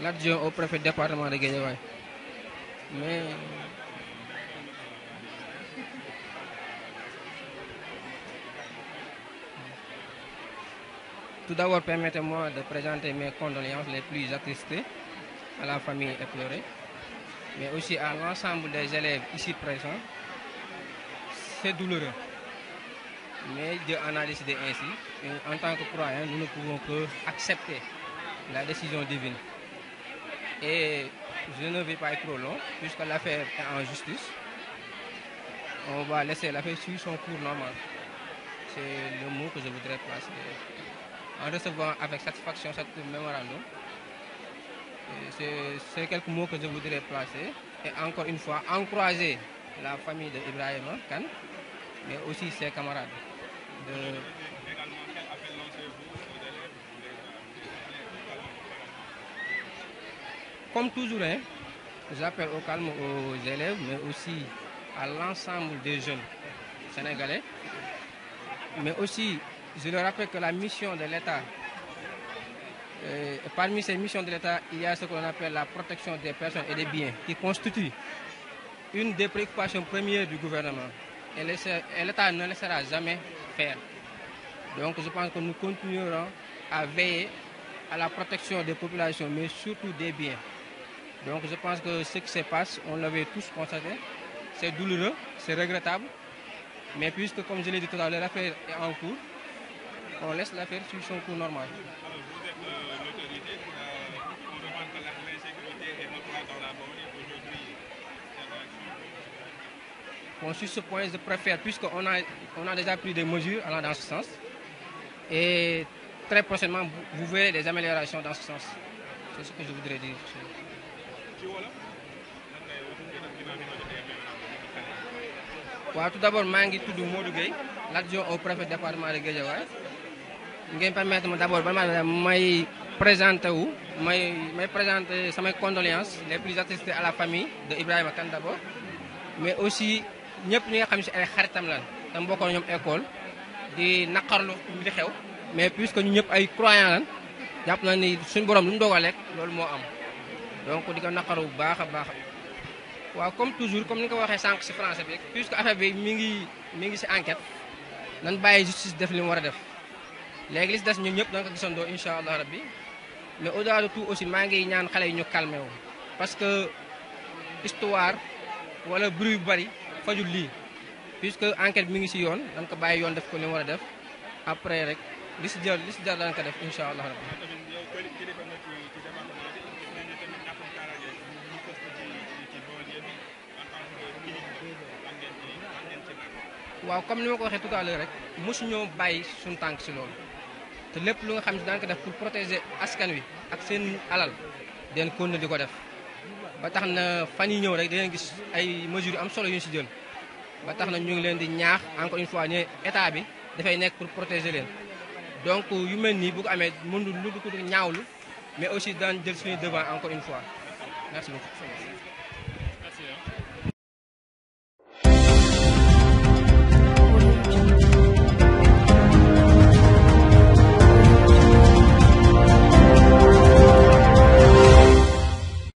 l'adjoint au préfet département de Tout d'abord, permettez-moi de présenter mes condoléances les plus attristées à la famille éplorée, mais aussi à l'ensemble des élèves ici présents. C'est douloureux, mais Dieu en a décidé ainsi. en tant que croyants, nous ne pouvons que accepter la décision divine. Et je ne vais pas être trop long, puisque l'affaire est en justice. On va laisser l'affaire suivre son cours normal. C'est le mot que je voudrais placer. En recevant avec satisfaction cette mémorandum, c'est quelques mots que je voudrais placer. Et encore une fois, encourager la famille d'Ibrahim Khan, mais aussi ses camarades. Comme toujours, hein, j'appelle au calme aux élèves, mais aussi à l'ensemble des jeunes sénégalais. Mais aussi, je leur rappelle que la mission de l'État, euh, parmi ces missions de l'État, il y a ce qu'on appelle la protection des personnes et des biens, qui constitue une des préoccupations premières du gouvernement. Et l'État ne laissera jamais faire. Donc je pense que nous continuerons à veiller à la protection des populations, mais surtout des biens. Donc je pense que ce qui se passe, on l'avait tous constaté, c'est douloureux, c'est regrettable. Mais puisque, comme je l'ai dit tout à l'heure, l'affaire est en cours, on laisse l'affaire suivre son cours normal. vous êtes euh, l'autorité, on demande que l'insécurité est dans la banlieue aujourd'hui. Bon, sur ce point, je préfère, puisqu'on a, on a déjà pris des mesures dans ce sens, et très prochainement, vous verrez des améliorations dans ce sens. C'est ce que je voudrais dire. waaw tout d'abord maa ngi tudd moo Gueye l'adjoint au préfet département de Guédiawaye ngeen permettre ma d'abord ba ma may présenté wu may may présenté samay condoléances les plus attestées à la famille de Ibrahima Kane d'abord mais aussi ñëpp ñi nga xam si ay xaritam lan te mbokkoon ñoom école di naqarlu li xew mais puisque ñu ñëpp ay croyants lan jàpp na ni suñu borom lu mu dogal rek loolu moo am donc di ko naqaru bu baax a baax waaw comme toujours comme ni nga ko waxee sànq si français bi puisque affaire bi mi ngi mi ngi si enquête nan bàyyi justice def li war a def léegi li si des ñun ñëpp danga ko gisandoo incha allah rabbi bi au-delà de tout aussi maa ngi ñaan xale yi ñu calmé wu parce que histoire wala bruit bu bari fajul lii puisque enquête mi ngi si yoon danga ko bàyyi yoon def ko li war a def après rek li si jël li si jël danga def incha allah rabbi waaw comme ni ma ko waxee tout à l'heure rek mosuñoo bàyyi suñu tànk si loolu te lépp lu nga xam ne daan ko def pour protéger askan wi ak seen alal den kon na di ko def ba tax na fan yi ñëw rek dangeen gis ay mesures am solo yu ñu si jël ba tax na ñu ngi leen di ñaax encore une fois ne état bi dafay nekk pour protéger leen donc yu mel nii bu ko amee mënul lu du ko ñaawlu mais aussi daan jël suñu devant encore une fois merci